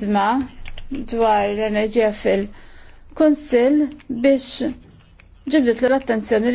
ġizma dwar l-enerġija fil-Konsil biex ġibdet l-attenzjoni